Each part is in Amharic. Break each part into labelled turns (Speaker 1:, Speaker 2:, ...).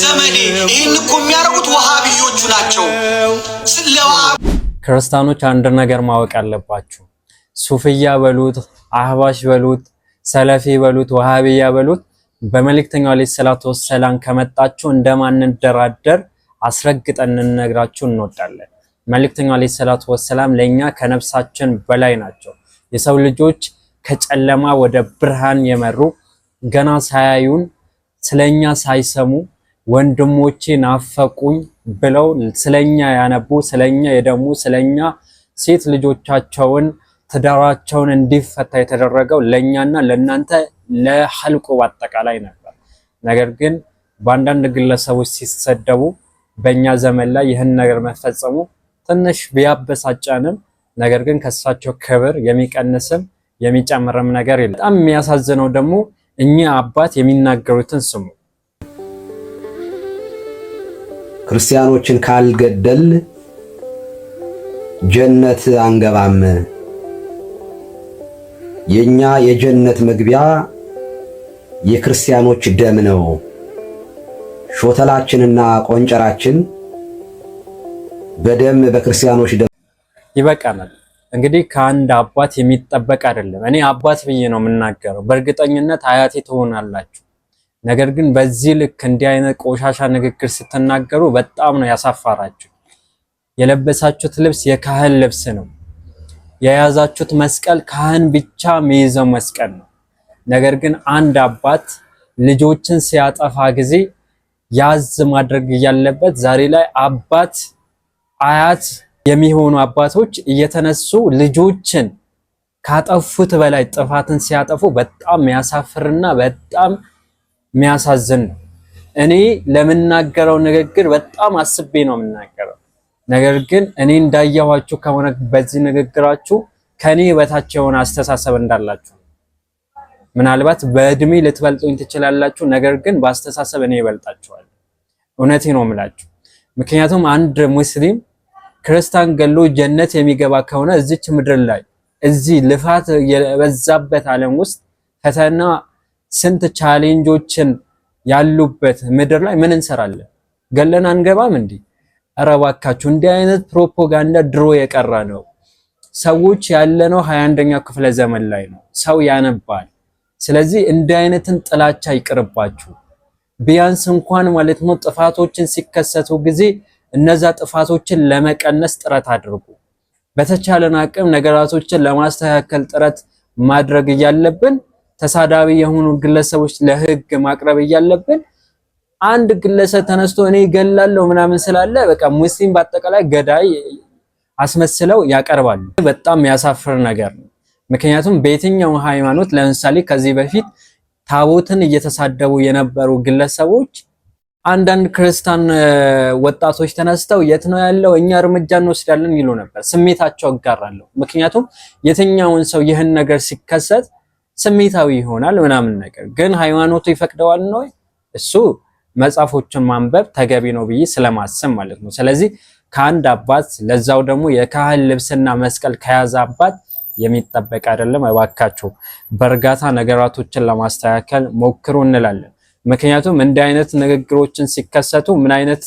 Speaker 1: ዘመዴ ይህን እኮ የሚያደርጉት ወሃቢዮቹ ናቸው።
Speaker 2: ክርስቲያኖች አንድ ነገር ማወቅ አለባችሁ። ሱፍያ በሉት፣ አህባሽ በሉት፣ ሰለፊ በሉት፣ ወሃቢያ በሉት በመልእክተኛው ዓለይሂ ሰላቱ ወሰላም ከመጣችሁ እንደማንደራደር አስረግጠን እንነግራችሁ እንወዳለን። መልእክተኛው ዓለይሂ ሰላቱ ወሰላም ለእኛ ከነፍሳችን በላይ ናቸው። የሰው ልጆች ከጨለማ ወደ ብርሃን የመሩ ገና ሳያዩን ስለኛ ሳይሰሙ ወንድሞቼ ናፈቁኝ ብለው ስለኛ ያነቡ ስለኛ የደሙ ስለኛ ሴት ልጆቻቸውን ትዳራቸውን እንዲፈታ የተደረገው ለእኛና ለእናንተ ለሐልቁ አጠቃላይ ነበር። ነገር ግን በአንዳንድ ግለሰቦች ሲሰደቡ በእኛ ዘመን ላይ ይህን ነገር መፈጸሙ ትንሽ ቢያበሳጨንም ነገር ግን ከእሳቸው ክብር የሚቀንስም የሚጨምርም ነገር የለም። በጣም የሚያሳዝነው ደግሞ እኚህ አባት የሚናገሩትን ስሙ።
Speaker 3: ክርስቲያኖችን ካልገደል ጀነት አንገባም። የኛ የጀነት መግቢያ የክርስቲያኖች ደም ነው። ሾተላችንና ቆንጨራችን በደም በክርስቲያኖች ደም
Speaker 2: ይበቃናል። እንግዲህ ከአንድ አባት የሚጠበቅ አይደለም። እኔ አባት ብዬ ነው የምናገረው። በእርግጠኝነት አያቴ ትሆናላችሁ። ነገር ግን በዚህ ልክ እንዲህ አይነት ቆሻሻ ንግግር ስትናገሩ በጣም ነው ያሳፋራችሁ። የለበሳችሁት ልብስ የካህን ልብስ ነው። የያዛችሁት መስቀል ካህን ብቻ የሚይዘው መስቀል ነው። ነገር ግን አንድ አባት ልጆችን ሲያጠፋ ጊዜ ያዝ ማድረግ እያለበት ዛሬ ላይ አባት አያት የሚሆኑ አባቶች እየተነሱ ልጆችን ካጠፉት በላይ ጥፋትን ሲያጠፉ በጣም ያሳፍርና በጣም የሚያሳዝን ነው። እኔ ለምናገረው ንግግር በጣም አስቤ ነው የምናገረው። ነገር ግን እኔ እንዳየኋችሁ ከሆነ በዚህ ንግግራችሁ ከኔ በታች የሆነ አስተሳሰብ እንዳላችሁ ምናልባት በእድሜ ልትበልጡኝ ትችላላችሁ። ነገር ግን በአስተሳሰብ እኔ ይበልጣችኋል። እውነቴ ነው የምላችሁ። ምክንያቱም አንድ ሙስሊም ክርስቲያን ገሎ ጀነት የሚገባ ከሆነ እዚች ምድር ላይ እዚህ ልፋት የበዛበት ዓለም ውስጥ ፈተና ስንት ቻሌንጆችን ያሉበት ምድር ላይ ምን እንሰራለን? ገለን አንገባም እንዴ? ኧረ እባካችሁ እንዲህ አይነት ፕሮፓጋንዳ ድሮ የቀረ ነው። ሰዎች ያለነው ሀያ አንደኛው ክፍለ ዘመን ላይ ነው። ሰው ያነባል። ስለዚህ እንዲህ አይነትን ጥላቻ ይቅርባችሁ። ቢያንስ እንኳን ማለት ነው ጥፋቶችን ሲከሰቱ ጊዜ እነዛ ጥፋቶችን ለመቀነስ ጥረት አድርጉ። በተቻለን አቅም ነገራቶችን ለማስተካከል ጥረት ማድረግ እያለብን ተሳዳቢ የሆኑ ግለሰቦች ለህግ ማቅረብ እያለብን አንድ ግለሰብ ተነስቶ እኔ ይገላለሁ ምናምን ስላለ በቃ ሙስሊም በአጠቃላይ ገዳይ አስመስለው ያቀርባሉ። በጣም ያሳፍር ነገር ነው። ምክንያቱም በየትኛው ሃይማኖት ለምሳሌ ከዚህ በፊት ታቦትን እየተሳደቡ የነበሩ ግለሰቦች አንዳንድ ክርስቲያን ወጣቶች ተነስተው የት ነው ያለው እኛ እርምጃ እንወስዳለን ይሉ ነበር። ስሜታቸው አጋራለሁ። ምክንያቱም የትኛውን ሰው ይህን ነገር ሲከሰት ስሜታዊ ይሆናል ምናምን ነገር ግን ሃይማኖቱ ይፈቅደዋል ነው እሱ መጽሐፎችን ማንበብ ተገቢ ነው ብዬ ስለማሰብ ማለት ነው። ስለዚህ ከአንድ አባት ለዛው ደግሞ የካህን ልብስና መስቀል ከያዘ አባት የሚጠበቅ አይደለም። እባካችሁ በእርጋታ ነገራቶችን ለማስተካከል ሞክሩ እንላለን። ምክንያቱም እንዲህ አይነት ንግግሮችን ሲከሰቱ ምን አይነት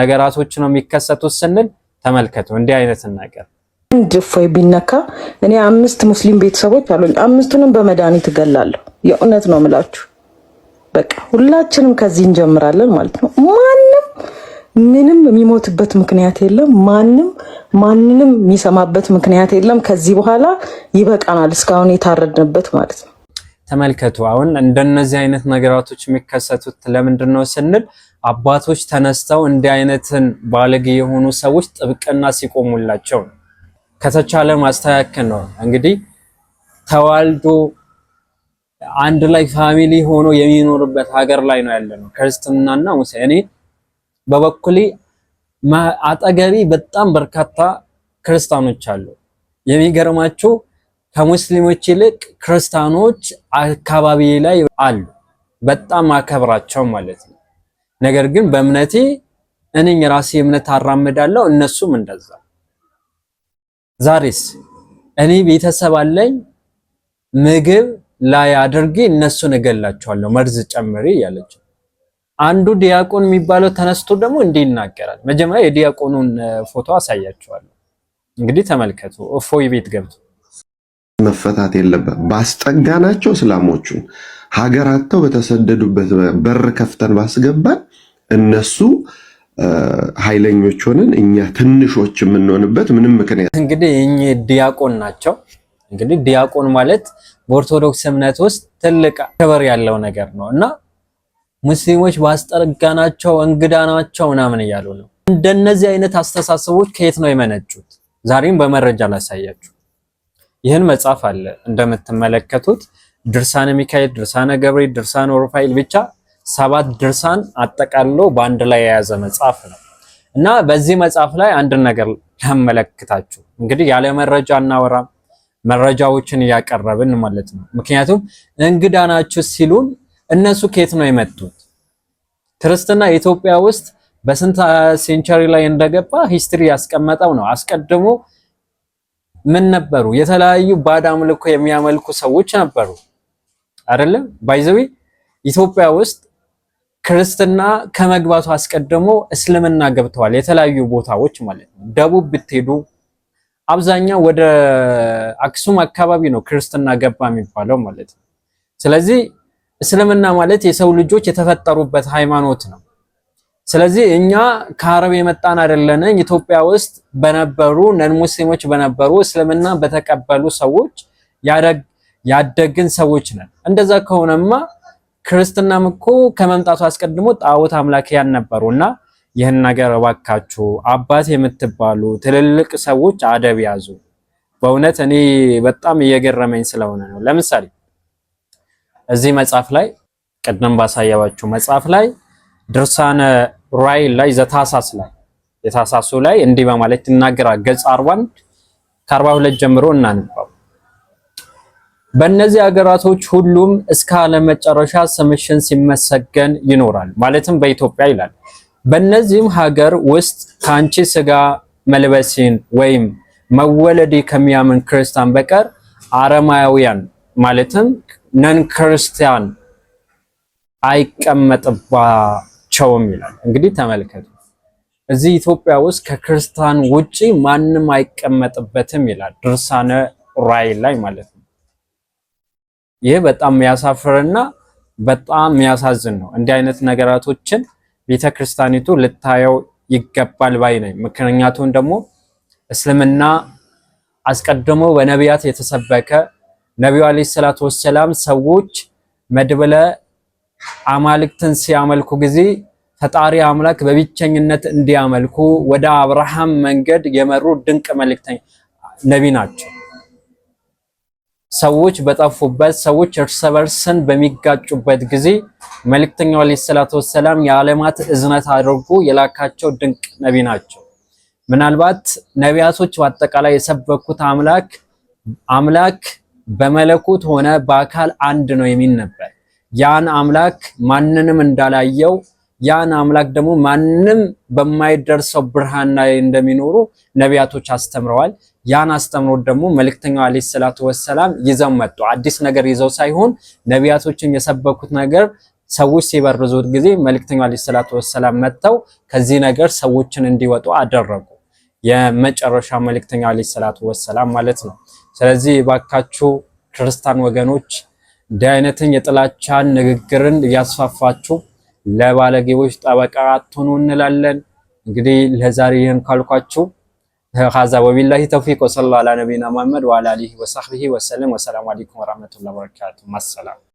Speaker 2: ነገራቶች ነው የሚከሰቱት ስንል ተመልከቱ እንዲህ አይነትን ነገር
Speaker 4: አንድ እፎይ ቢነካ እኔ አምስት ሙስሊም ቤተሰቦች አሉኝ። አምስቱንም በመድኃኒት እገላለሁ። የእውነት ነው ምላችሁ። በቃ ሁላችንም ከዚህ እንጀምራለን ማለት ነው። ማንም ምንም የሚሞትበት ምክንያት የለም። ማንም ማንንም የሚሰማበት ምክንያት የለም። ከዚህ በኋላ ይበቃናል፣ እስካሁን የታረድንበት ማለት ነው።
Speaker 2: ተመልከቱ አሁን እንደነዚህ አይነት ነገራቶች የሚከሰቱት ለምንድን ነው ስንል አባቶች ተነስተው እንዲህ አይነትን ባለጌ የሆኑ ሰዎች ጥብቅና ሲቆሙላቸው ነው። ከተቻለ ማስተካከል ነው። እንግዲህ ተዋልዶ አንድ ላይ ፋሚሊ ሆኖ የሚኖርበት ሀገር ላይ ነው ነው ክርስትናና ሙስሊም። እኔ በበኩሌ አጠገቢ በጣም በርካታ ክርስቲያኖች አሉ። የሚገርማችሁ ከሙስሊሞች ይልቅ ክርስቲያኖች አካባቢ ላይ አሉ። በጣም አከብራቸው ማለት ነው። ነገር ግን በእምነቴ እኔ የራሴ እምነት አራምዳለሁ፣ እነሱም እንደዛ ዛሬስ እኔ ቤተሰብ አለኝ ምግብ ላይ አድርጌ እነሱን እገላቸዋለሁ መርዝ ጨምሬ እያለች አንዱ ዲያቆን የሚባለው ተነስቶ ደግሞ እንዲህ ይናገራል። መጀመሪያ የዲያቆኑን ፎቶ አሳያቸዋለሁ። እንግዲህ ተመልከቱ። እፎይ ቤት ገብቶ
Speaker 3: መፈታት የለበት ባስጠጋ ናቸው እስላሞቹን ሀገር አጥተው በተሰደዱበት በር ከፍተን ባስገባን እነሱ ኃይለኞች ሆነን እኛ ትንሾች የምንሆንበት ምንም ምክንያት
Speaker 2: እንግዲህ እኚህ ዲያቆን ናቸው። እንግዲህ ዲያቆን ማለት በኦርቶዶክስ እምነት ውስጥ ትልቅ ክብር ያለው ነገር ነው እና ሙስሊሞች ባስጠጋናቸው እንግዳ ናቸው ምናምን እያሉ ነው። እንደነዚህ አይነት አስተሳሰቦች ከየት ነው የመነጩት? ዛሬም በመረጃ ላሳያችሁ። ይህን መጽሐፍ አለ እንደምትመለከቱት ድርሳነ ሚካኤል፣ ድርሳነ ገብርኤል፣ ድርሳነ ሩፋኤል ብቻ ሰባት ድርሳን አጠቃሎ በአንድ ላይ የያዘ መጽሐፍ ነው እና በዚህ መጽሐፍ ላይ አንድን ነገር ላመለክታችሁ እንግዲህ ያለ መረጃ እናወራም፣ መረጃዎችን እያቀረብን ማለት ነው። ምክንያቱም እንግዳ ናችሁ ሲሉን እነሱ ከየት ነው የመጡት? ክርስትና ኢትዮጵያ ውስጥ በስንት ሴንቸሪ ላይ እንደገባ ሂስትሪ ያስቀመጠው ነው። አስቀድሞ ምን ነበሩ? የተለያዩ ባዕድ አምልኮ የሚያመልኩ ሰዎች ነበሩ አይደለም። ባይዘዊ ኢትዮጵያ ውስጥ ክርስትና ከመግባቱ አስቀድሞ እስልምና ገብተዋል። የተለያዩ ቦታዎች ማለት ነው። ደቡብ ብትሄዱ አብዛኛው ወደ አክሱም አካባቢ ነው ክርስትና ገባ የሚባለው ማለት ነው። ስለዚህ እስልምና ማለት የሰው ልጆች የተፈጠሩበት ሃይማኖት ነው። ስለዚህ እኛ ከአረብ የመጣን አይደለን። ኢትዮጵያ ውስጥ በነበሩ ነን ሙስሊሞች በነበሩ እስልምና በተቀበሉ ሰዎች ያደግን ሰዎች ነን። እንደዛ ከሆነማ ክርስትናም እኮ ከመምጣቱ አስቀድሞ ጣዖት አምላኪያን ነበሩ እና ይህን ነገር እባካችሁ አባት የምትባሉ ትልልቅ ሰዎች አደብ ያዙ። በእውነት እኔ በጣም እየገረመኝ ስለሆነ ነው። ለምሳሌ እዚህ መጽሐፍ ላይ ቅድም ባሳያችሁ መጽሐፍ ላይ ድርሳነ ራይል ላይ ዘታሳስ ላይ የታሳሱ ላይ እንዲህ በማለት ትናገራ ገጽ 41 ከአርባ ሁለት ጀምሮ እናንባው። በእነዚህ ሀገራቶች ሁሉም እስከ አለመጨረሻ ስምሽን ሲመሰገን ይኖራል፣ ማለትም በኢትዮጵያ ይላል። በእነዚህም ሀገር ውስጥ ከአንቺ ስጋ መልበሴን ወይም መወለዴ ከሚያምን ክርስቲያን በቀር አረማውያን ማለትም ነን ክርስቲያን አይቀመጥባቸውም ይላል። እንግዲህ ተመልከቱ፣ እዚህ ኢትዮጵያ ውስጥ ከክርስቲያን ውጪ ማንም አይቀመጥበትም ይላል ድርሳነ ራእይ ላይ ማለት ነው። ይህ በጣም የሚያሳፍርና በጣም የሚያሳዝን ነው። እንዲህ አይነት ነገራቶችን ቤተክርስቲያኒቱ ልታየው ይገባል ባይ ነኝ። ምክንያቱም ደግሞ እስልምና አስቀድሞ በነቢያት የተሰበከ ነቢዩ አለይሂ ሰላቱ ወሰላም ሰዎች መድበለ አማልክትን ሲያመልኩ ጊዜ ፈጣሪ አምላክ በብቸኝነት እንዲያመልኩ ወደ አብርሃም መንገድ የመሩ ድንቅ መልእክተኛ ነቢ ናቸው። ሰዎች በጠፉበት ሰዎች እርስ በርስን በሚጋጩበት ጊዜ መልእክተኛው ዓለይሂ ሰላቱ ወሰላም የዓለማት እዝነት አድርጎ የላካቸው ድንቅ ነቢ ናቸው። ምናልባት ነቢያቶች በአጠቃላይ የሰበኩት አምላክ አምላክ በመለኮት ሆነ በአካል አንድ ነው የሚል ነበር። ያን አምላክ ማንንም እንዳላየው ያን አምላክ ደግሞ ማንም በማይደርሰው ብርሃን ላይ እንደሚኖሩ ነቢያቶች አስተምረዋል። ያን አስተምሮት ደግሞ መልእክተኛው አለይሂ ሰላቱ ወሰላም ይዘው መጡ። አዲስ ነገር ይዘው ሳይሆን ነቢያቶችም የሰበኩት ነገር ሰዎች ሲበርዙት ጊዜ መልእክተኛው አለይሂ ሰላቱ ወሰላም መጥተው ከዚህ ነገር ሰዎችን እንዲወጡ አደረጉ። የመጨረሻ መልእክተኛው አለይሂ ሰላቱ ወሰላም ማለት ነው። ስለዚህ ባካችሁ ክርስቲያን ወገኖች እንዲህ አይነትን የጥላቻን ንግግርን እያስፋፋችሁ ለባለጌዎች ጠበቃ አትሆኑ እንላለን። እንግዲህ ለዛሬ ይህን ካልኳችሁ هذا وبالله توفيق وصلى الله على نبينا محمد وعلى آله وصحبه وسلم والسلام عليكم ورحمة الله وبركاته مع السلامة